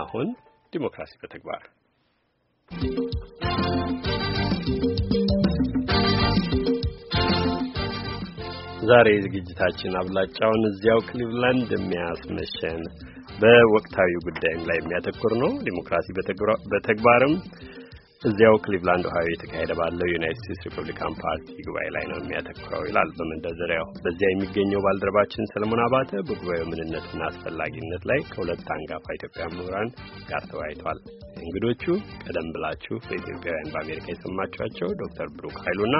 አሁን ዲሞክራሲ በተግባር ዛሬ ዝግጅታችን አብላጫውን እዚያው ክሊቭላንድ የሚያስመሸን በወቅታዊ ጉዳይም ላይ የሚያተኩር ነው። ዲሞክራሲ በተግባርም እዚያው ክሊቭላንድ ኦሃዮ የተካሄደ ባለው ዩናይትድ ስቴትስ ሪፐብሊካን ፓርቲ ጉባኤ ላይ ነው የሚያተኩረው ይላል በመንደርደሪያው። በዚያ የሚገኘው ባልደረባችን ሰለሞን አባተ በጉባኤው ምንነትና አስፈላጊነት ላይ ከሁለት አንጋፋ ኢትዮጵያ ምሁራን ጋር ተወያይቷል። እንግዶቹ ቀደም ብላችሁ በኢትዮጵያውያን በአሜሪካ የሰማችኋቸው ዶክተር ብሩክ ኃይሉና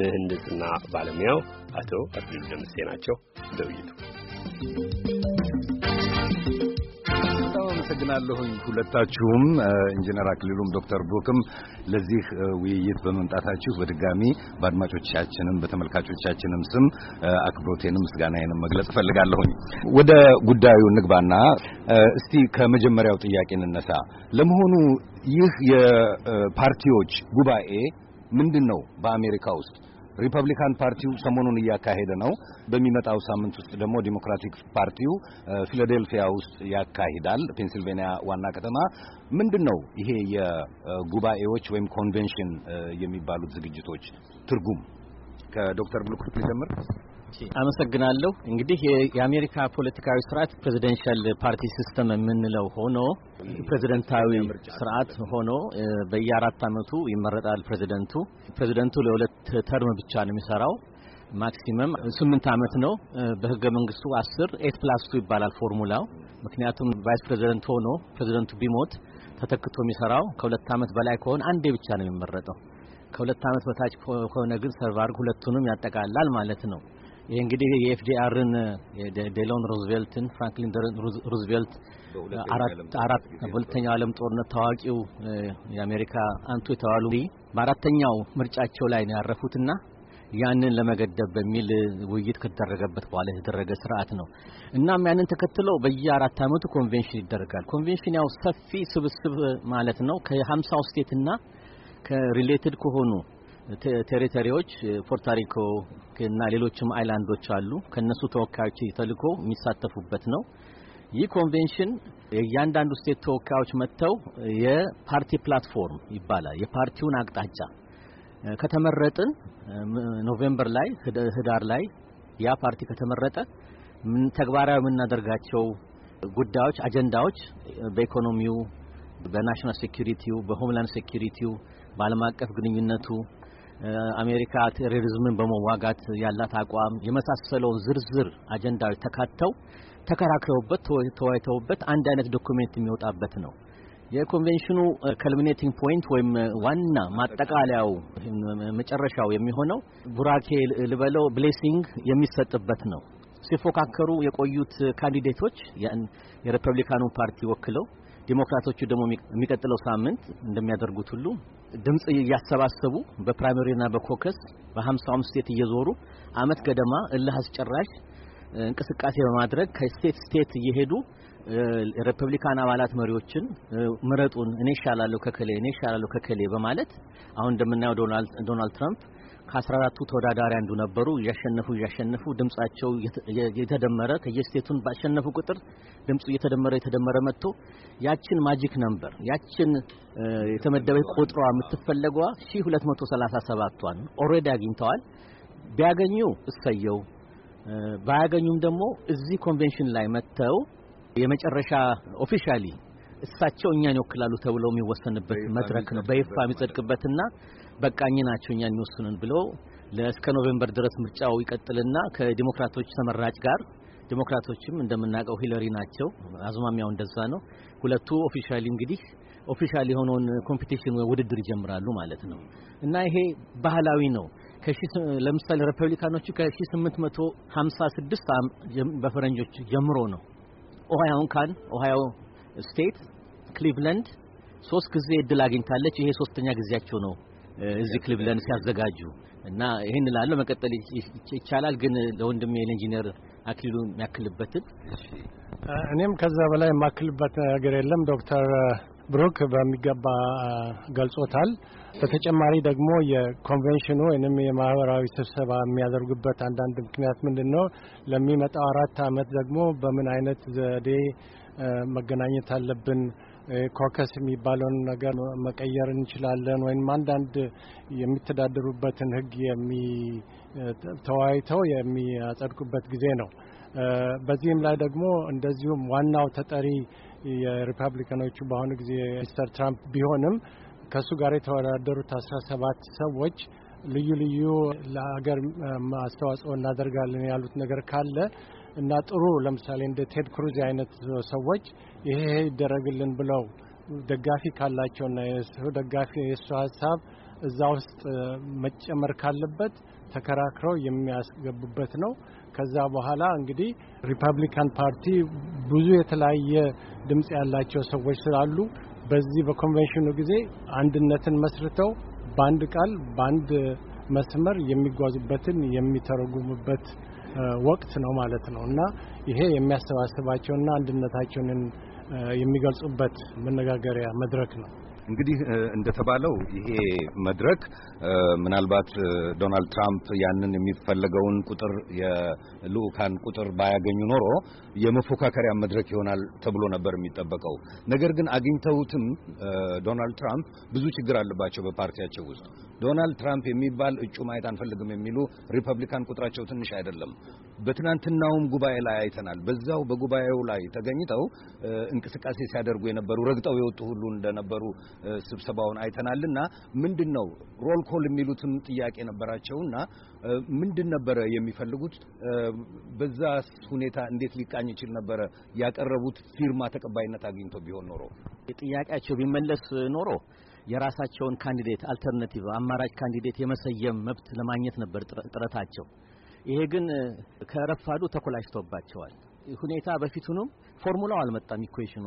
ምህንድስና ባለሙያው አቶ አክሊሉ ደምሴ ናቸው። በውይይቱ አመሰግናለሁኝ ሁለታችሁም ኢንጂነር አክሊሉም ዶክተር ብሩክም ለዚህ ውይይት በመምጣታችሁ በድጋሚ በአድማጮቻችንም በተመልካቾቻችንም ስም አክብሮቴንም ምስጋናዬንም መግለጽ እፈልጋለሁኝ። ወደ ጉዳዩ ንግባና እስቲ ከመጀመሪያው ጥያቄ እንነሳ። ለመሆኑ ይህ የፓርቲዎች ጉባኤ ምንድን ነው በአሜሪካ ውስጥ ሪፐብሊካን ፓርቲው ሰሞኑን እያካሄደ ነው። በሚመጣው ሳምንት ውስጥ ደግሞ ዲሞክራቲክ ፓርቲው ፊላዴልፊያ ውስጥ ያካሂዳል፣ ፔንሲልቬኒያ ዋና ከተማ። ምንድን ነው ይሄ የጉባኤዎች ወይም ኮንቬንሽን የሚባሉት ዝግጅቶች ትርጉም? ከዶክተር ብሉክት ሊጀምር አመሰግናለሁ። እንግዲህ የአሜሪካ ፖለቲካዊ ስርዓት ፕሬዚደንሻል ፓርቲ ሲስተም የምንለው ሆኖ ፕሬዚደንታዊ ስርዓት ሆኖ በየአራት አመቱ ይመረጣል ፕሬዚደንቱ። ፕሬዚደንቱ ለሁለት ተርም ብቻ ነው የሚሰራው ማክሲመም ስምንት አመት ነው። በህገ መንግስቱ አስር ኤት ፕላስ ቱ ይባላል ፎርሙላው። ምክንያቱም ቫይስ ፕሬዚደንት ሆኖ ፕሬዚደንቱ ቢሞት ተተክቶ የሚሰራው ከሁለት አመት በላይ ከሆነ አንዴ ብቻ ነው የሚመረጠው። ከሁለት አመት በታች ከሆነ ግን ሰርቫርግ ሁለቱንም ያጠቃላል ማለት ነው። ይህ እንግዲህ የኤፍዲአርን ዴሎን ሩዝቬልትን ፍራንክሊን ሩዝቬልት አራት በሁለተኛው ዓለም ጦርነት ታዋቂው የአሜሪካ አንቱ የተባሉ በአራተኛው ምርጫቸው ላይ ነው ያረፉትና ያንን ለመገደብ በሚል ውይይት ከተደረገበት በኋላ የተደረገ ስርዓት ነው። እናም ያንን ተከትሎ በየአራት ዓመቱ ኮንቬንሽን ይደረጋል። ኮንቬንሽን ያው ሰፊ ስብስብ ማለት ነው ከ50 ስቴትና ከሪሌትድ ከሆኑ ቴሪቶሪዎች ፖርቶሪኮ እና ሌሎችም አይላንዶች አሉ። ከነሱ ተወካዮች ተልኮ የሚሳተፉበት ነው። ይህ ኮንቬንሽን የእያንዳንዱ ስቴት ተወካዮች መጥተው የፓርቲ ፕላትፎርም ይባላል። የፓርቲውን አቅጣጫ ከተመረጥን ኖቬምበር ላይ ህዳር ላይ ያ ፓርቲ ከተመረጠ ተግባራዊ የምናደርጋቸው ጉዳዮች፣ አጀንዳዎች በኢኮኖሚው፣ በናሽናል ሴኩሪቲው፣ በሆምላንድ ሴኩሪቲው፣ በዓለም አቀፍ ግንኙነቱ አሜሪካ ቴሮሪዝምን በመዋጋት ያላት አቋም የመሳሰለውን ዝርዝር አጀንዳዎች ተካተው ተከራክረውበት ተወያይተውበት አንድ አይነት ዶኩሜንት የሚወጣበት ነው። የኮንቬንሽኑ ከልሚኔቲንግ ፖይንት ወይም ዋና ማጠቃለያው መጨረሻው የሚሆነው ቡራኬ ልበለው ብሌሲንግ የሚሰጥበት ነው። ሲፎካከሩ የቆዩት ካንዲዴቶች የሪፐብሊካኑ ፓርቲ ወክለው ዲሞክራቶቹ ደግሞ የሚቀጥለው ሳምንት እንደሚያደርጉት ሁሉ ድምፅ እያሰባሰቡ በፕራይመሪና በኮከስ በ55 ስቴት እየዞሩ አመት ገደማ እልህ አስጨራሽ እንቅስቃሴ በማድረግ ከስቴት ስቴት እየሄዱ ሪፐብሊካን አባላት መሪዎችን ምረጡን፣ እኔ እሻላለሁ ከከሌ እኔ እሻላለሁ ከከሌ በማለት አሁን እንደምናየው ዶናልድ ትራምፕ ከአስራ 14 ተወዳዳሪ አንዱ ነበሩ። እያሸነፉ እያሸነፉ ድምጻቸው የተደመረ ከየስቴቱን ባሸነፉ ቁጥር ድምፁ እየተደመረ የተደመረ መጥቶ ያችን ማጂክ ነምበር ያችን የተመደበች ቁጥሯ የምትፈለጓ ሰላሳ ሰባቷን ኦልሬዲ አግኝተዋል። ቢያገኙ እሰየው፣ ባያገኙም ደግሞ እዚህ ኮንቬንሽን ላይ መጥተው የመጨረሻ ኦፊሻሊ እሳቸው እኛን ይወክላሉ ተብለው የሚወሰንበት መድረክ ነው። በይፋ የሚጸድቅበትና በቃኝ እኚህ ናቸው እኛን የሚወስኑን ብሎ እስከ ኖቬምበር ድረስ ምርጫው ይቀጥልና ከዲሞክራቶች ተመራጭ ጋር ዲሞክራቶችም እንደምናውቀው ሂለሪ ናቸው። አዝማሚያው እንደዛ ነው። ሁለቱ ኦፊሻሊ እንግዲህ ኦፊሻሊ የሆነውን ኮምፒቲሽን ውድድር ይጀምራሉ ማለት ነው እና ይሄ ባህላዊ ነው። ለምሳሌ ሪፐብሊካኖቹ ከ1856 በፈረንጆች ጀምሮ ነው ኦሃዮን ካን ኦሃዮ ስቴት ክሊቭለንድ ሶስት ጊዜ እድል አግኝታለች። ይሄ ሶስተኛ ጊዜያቸው ነው እዚህ ክሊቭላንድ ሲያዘጋጁ እና ይህን ላለው መቀጠል ይቻላል። ግን ለወንድም የኢንጂነር አክሊሉ የሚያክልበትን እኔም ከዛ በላይ የማክልበት ነገር የለም። ዶክተር ብሩክ በሚገባ ገልጾታል። በተጨማሪ ደግሞ የኮንቬንሽኑ ወይም የማህበራዊ ስብሰባ የሚያደርጉበት አንዳንድ ምክንያት ምንድን ነው? ለሚመጣው አራት አመት ደግሞ በምን አይነት ዘዴ መገናኘት አለብን ኮከስ የሚባለውን ነገር መቀየር እንችላለን ወይም አንዳንድ የሚተዳደሩበትን ህግ ተወያይተው የሚያጸድቁበት ጊዜ ነው። በዚህም ላይ ደግሞ እንደዚሁም ዋናው ተጠሪ የሪፐብሊካኖቹ በአሁኑ ጊዜ ሚስተር ትራምፕ ቢሆንም ከእሱ ጋር የተወዳደሩት አስራ ሰባት ሰዎች ልዩ ልዩ ለሀገር አስተዋጽኦ እናደርጋለን ያሉት ነገር ካለ እና ጥሩ ለምሳሌ እንደ ቴድ ክሩዝ አይነት ሰዎች ይሄ ይደረግልን ብለው ደጋፊ ካላቸውና የሱ ደጋፊ የእሱ ሀሳብ እዛ ውስጥ መጨመር ካለበት ተከራክረው የሚያስገቡበት ነው። ከዛ በኋላ እንግዲህ ሪፐብሊካን ፓርቲ ብዙ የተለያየ ድምጽ ያላቸው ሰዎች ስላሉ በዚህ በኮንቬንሽኑ ጊዜ አንድነትን መስርተው በአንድ ቃል በአንድ መስመር የሚጓዙበትን የሚተረጉሙበት ወቅት ነው ማለት ነው እና ይሄ የሚያሰባስባቸውና አንድነታቸውን የሚገልጹበት መነጋገሪያ መድረክ ነው። እንግዲህ እንደተባለው ይሄ መድረክ ምናልባት ዶናልድ ትራምፕ ያንን የሚፈለገውን ቁጥር የልዑካን ቁጥር ባያገኙ ኖሮ የመፎካከሪያ መድረክ ይሆናል ተብሎ ነበር የሚጠበቀው። ነገር ግን አግኝተውትም ዶናልድ ትራምፕ ብዙ ችግር አለባቸው በፓርቲያቸው ውስጥ። ዶናልድ ትራምፕ የሚባል እጩ ማየት አንፈልግም የሚሉ ሪፐብሊካን ቁጥራቸው ትንሽ አይደለም። በትናንትናውም ጉባኤ ላይ አይተናል። በዛው በጉባኤው ላይ ተገኝተው እንቅስቃሴ ሲያደርጉ የነበሩ ረግጠው የወጡ ሁሉ እንደነበሩ ስብሰባውን አይተናልና ምንድን ነው ሮል ኮል የሚሉትም ጥያቄ ነበራቸውና ምንድን ነበረ የሚፈልጉት? በዛ ሁኔታ እንዴት ሊቃኝ ይችል ነበረ? ያቀረቡት ፊርማ ተቀባይነት አግኝቶ ቢሆን ኖሮ ጥያቄያቸው ቢመለስ ኖሮ የራሳቸውን ካንዲዴት አልተርናቲቭ አማራጭ ካንዲዴት የመሰየም መብት ለማግኘት ነበር ጥረታቸው። ይሄ ግን ከረፋዱ ተኮላሽቶባቸዋል። ሁኔታ በፊቱንም ፎርሙላው አልመጣም። ኢኩዌሽኑ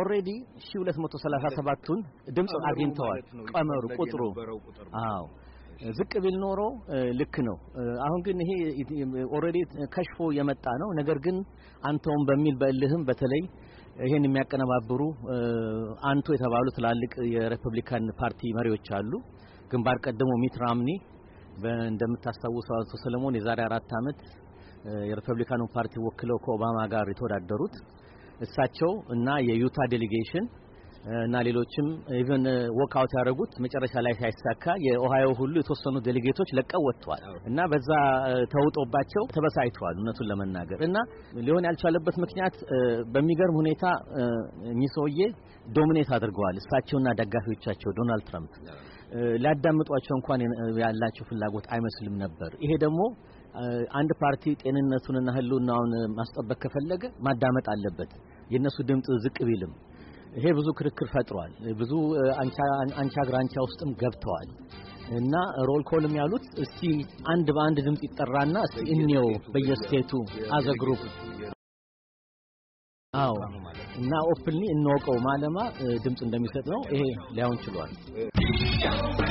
ኦሬዲ 1237ቱን ድምጽ አግኝተዋል። ቀመሩ ቁጥሩ አዎ ዝቅ ቢል ኖሮ ልክ ነው። አሁን ግን ይሄ ኦልሬዲ ከሽፎ የመጣ ነው። ነገር ግን አንተውም በሚል በእልህም በተለይ ይሄን የሚያቀነባብሩ አንቱ የተባሉ ትላልቅ የሪፐብሊካን ፓርቲ መሪዎች አሉ። ግንባር ቀደሞ ሚት ራምኒ እንደምታስታውሰው አቶ ሰለሞን የዛሬ አራት ዓመት የሪፐብሊካኑ ፓርቲ ወክለው ከኦባማ ጋር የተወዳደሩት እሳቸው እና የዩታ ዴሌጌሽን እና ሌሎችም ኢቨን ወክአውት ያደረጉት መጨረሻ ላይ ሳይሳካ የኦሃዮ ሁሉ የተወሰኑ ዴሌጌቶች ለቀው ወጥተዋል እና በዛ ተውጦባቸው ተበሳይተዋል። እውነቱን ለመናገር እና ሊሆን ያልቻለበት ምክንያት በሚገርም ሁኔታ እኚህ ሰውዬ ዶሚኔት አድርገዋል። እሳቸውና ደጋፊዎቻቸው ዶናልድ ትራምፕ ሊያዳምጧቸው እንኳን ያላቸው ፍላጎት አይመስልም ነበር። ይሄ ደግሞ አንድ ፓርቲ ጤንነቱንና ህልውናውን ማስጠበቅ ከፈለገ ማዳመጥ አለበት። የእነሱ ድምፅ ዝቅ ቢልም ይሄ ብዙ ክርክር ፈጥሯል። ብዙ አንቻ ግራንቻ ውስጥም ገብተዋል እና ሮል ኮልም ያሉት እስቲ አንድ በአንድ ድምፅ ይጠራና እስቲ እንየው በየስቴቱ አዘ ግሩፕ አዎ እና ኦፕንሊ እንወቀው ማለማ ድምፅ እንደሚሰጥ ነው። ይሄ ሊያውን ችሏል።